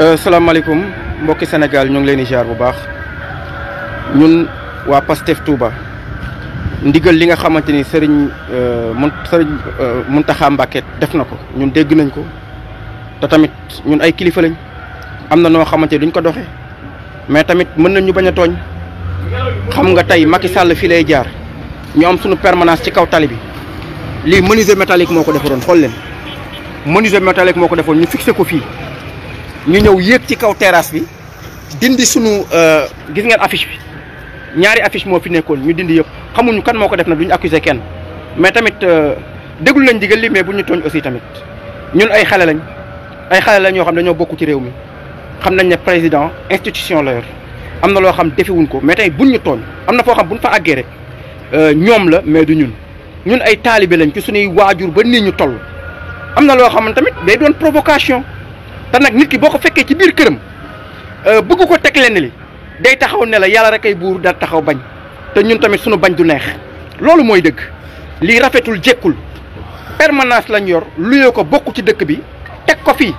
Euh, salaamaaleykum mbokki Sénégal ñu ngi leen di jaar bu baax ñun waa Pastef Touba ndigal li nga xamante ni Serigne euh, mun Serigne euh, Mountakha Mbacké def na ko ñun dégg nañ ko te tamit ñun ay kilifa lañ am na noo xamante ni duñ ko doxe mais tamit mën nañ ñu bañ a tooñ xam nga tey Macky Sall fii lay jaar ñu am suñu permanence ci kaw tali bi lii menuisier métallique moo ko defaroon xool leen menuisier métallique moo ko defoon ñu fixé ko fii. ñu ñëw yéeg ci kaw terrasse bi dindi sunu euh, gis ngeen affiche bi ñaari affiche moo fi nekkoon ñu dindi yëpp xamuñu kan moo ko def na duñu accuser kenn mais tamit euh, déglu lañ gën li mais bu ñu tooñ aussi tamit ñun ay xale lañ ay xale lañ ñoo xam dañoo bokk ci réew mi xam nañ ne président institution la am na loo xam defewuñ ko mais tey bu ñu tooñ am na foo xam bu buñ fa àggee rek euh, ñoom la mais du ñun ñun ay taalibe lañ ci suñuy waajur ba nii ñu toll am na loo xam tamit day doon provocation te nag nit ki boo ko fekkee ci biir këram euh, bëgg ko teg lenn li day taxaw ne la yàlla rek ay buur da taxaw bañ te ñun tamit suñu bañ du neex loolu mooy dëgg lii rafetul jekkul permanence lañ yor luyoo ko bokk ci dëkk bi teg ko fi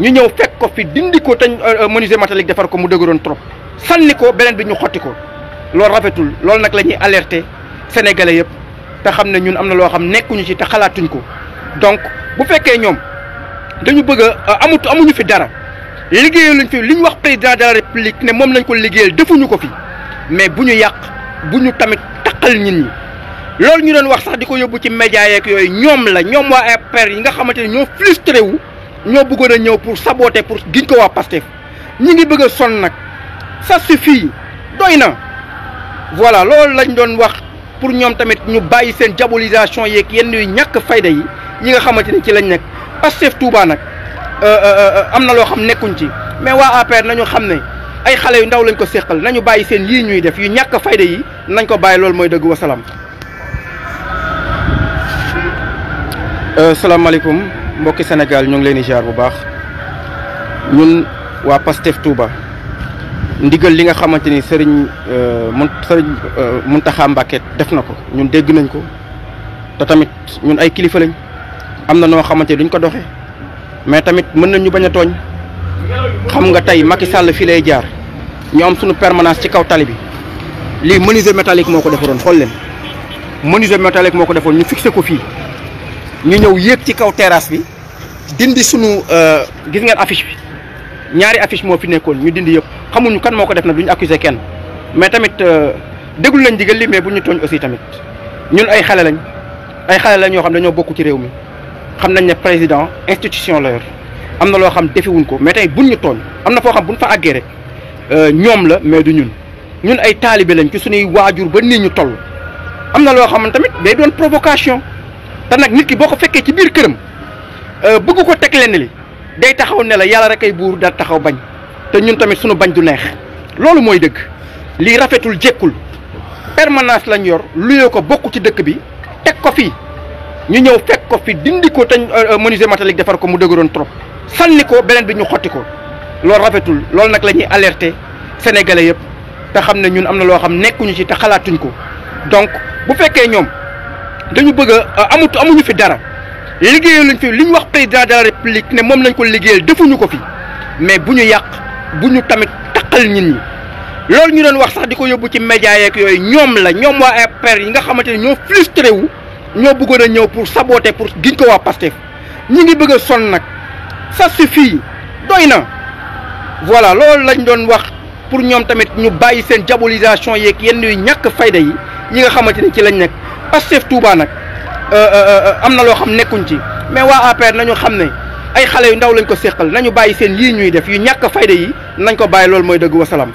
ñu ñëw fekk ko fi dindi ko te euh, euh, menuisier métallique defar ko mu dëgëroon trop sànni ko beneen bi ñu xotti ko loolu rafetul loolu nag la ñuy alerter sénégalais yëpp te xam ne ñun am na loo xam nekkuñu ci te xalaatuñu ko donc bu fekkee ñoom. dañu bëgg a amut amuñu fi dara liggéeyal lañ fi li ñu wax président de la ne moom lañ ko liggéeyal defuñu ko fi mais bu ñu yàq bu ñu tamit taqal nit ñi. loolu ñu doon wax sax di ko yóbbu ci média yeeg yooyu ñoom la ñoom waa APR yi nga xamante ne ñoo frustré wu ñoo bëggoon a ñëw pour saboter pour giñ ko waa Pastef ñi ngi bëgg sonn nag ça suffit doy na voilà loolu lañ doon wax pour ñoom tamit ñu bàyyi seen diabolisation yeeg yenn yu ñàkk fayda yi yi nga xamante ne ci lañ nekk. Pastef Touba nag euh, euh, euh, am na loo xam nekkuñ ci mais waa APR nañu xam ne ay xale yu ndaw lañ ko séqal nañu bàyyi seen yii ñuy def yu ñàkk fayda yi nañ ko bàyyi loolu mooy dëgg wasalaam. salaamaaleykum mbokki senegal ñoo ngi leen di jaar bu baax ñun waa Pastef Touba ndigal li nga xamante ni Serigne mun Serigne Mountakha Mbacké def na ko ñun dégg nañ ko te tamit ñun ay kilifa lañ. am na noo xamante duñ ko doxee mais tamit mën nañ ñu bañ a tooñ xam nga tey Macky Sall fii lay jaar ñu am suñu permanence ci kaw tali bi lii menuisier métallique moo ko defaroon xool leen menuisier métallique moo ko defoon ñu fixé ko fii ñu ñëw yéeg ci kaw terrasse bi dindi sunu euh, gis ngeen affiche bi ñaari affiche moo fi nekkoon ñu dindi yëpp xamuñu kan moo ko def na duñu accuser kenn mais tamit euh, déglu lañ digal li mais bu ñu tooñ aussi tamit ñun ay xale lañ ay xale lañ ñoo xam dañoo bokk ci réew mi xam nañ ne président institution la yor am na loo xam defewuñ ko mais tey buñ ñu tooñ am na foo xam bu buñ fa àggee rek euh, ñoom la mais du ñun ñun ay taalibe lañ ci suñuy waajur ba nii ñu toll am na loo xam tamit day doon provocation te nag nit ki boo ko fekkee ci biir këram euh, bëgg ko teg lenn li day taxaw ne la yàlla rekk ay buur da taxaw bañ te ñun tamit suñu bañ du neex loolu mooy dëgg lii rafetul jekkul permanence lañ yor luyoo ko bokk ci dëkk bi teg ko fii ñu ñëw fekk ko fi dindi ko te euh, euh, menuisier métallique defar ko mu dëgëroon trop sànni ko beneen bi ñu xotti ko loolu rafetul loolu nag la ñuy alerter sénégalais yëpp te xam ne ñun am na loo xam nekkuñu ci te xalaatuñu ko donc bu fekkee ñoom dañu bëgg a euh, amut amuñu fi dara liggéeyal lañ fi li ñu wax président de la république ne moom lañ ko liggéeyal defuñu ko fi mais bu ñu yàq bu ñu tamit taqal nit ñi. loolu ñu doon wax sax di ko yóbbu ci média yeeg yooyu ñoom la ñoom waa APR yi nga xamante ne ñoo frustré wu. ñoo bëggoon a ñëw pour saboter pour giñ ko waa Pastef ñi ngi bëgg a sonn nag ça suffit doy na voilà loolu lañ doon wax pour ñoom tamit ñu bàyyi seen diabolisation yeeg yenn yu ñàkk fayda yi ñi nga xamante ni ci lañ nekk Pastef Touba nag euh, euh, euh, am na loo xam nekkuñ ci mais waa APR nañu xam ne ay xale yu ndaw lañ ko séqal nañu bàyyi seen yii ñuy def yu ñàkk fayda yi nañ ko bàyyi loolu mooy dëgg wasalaam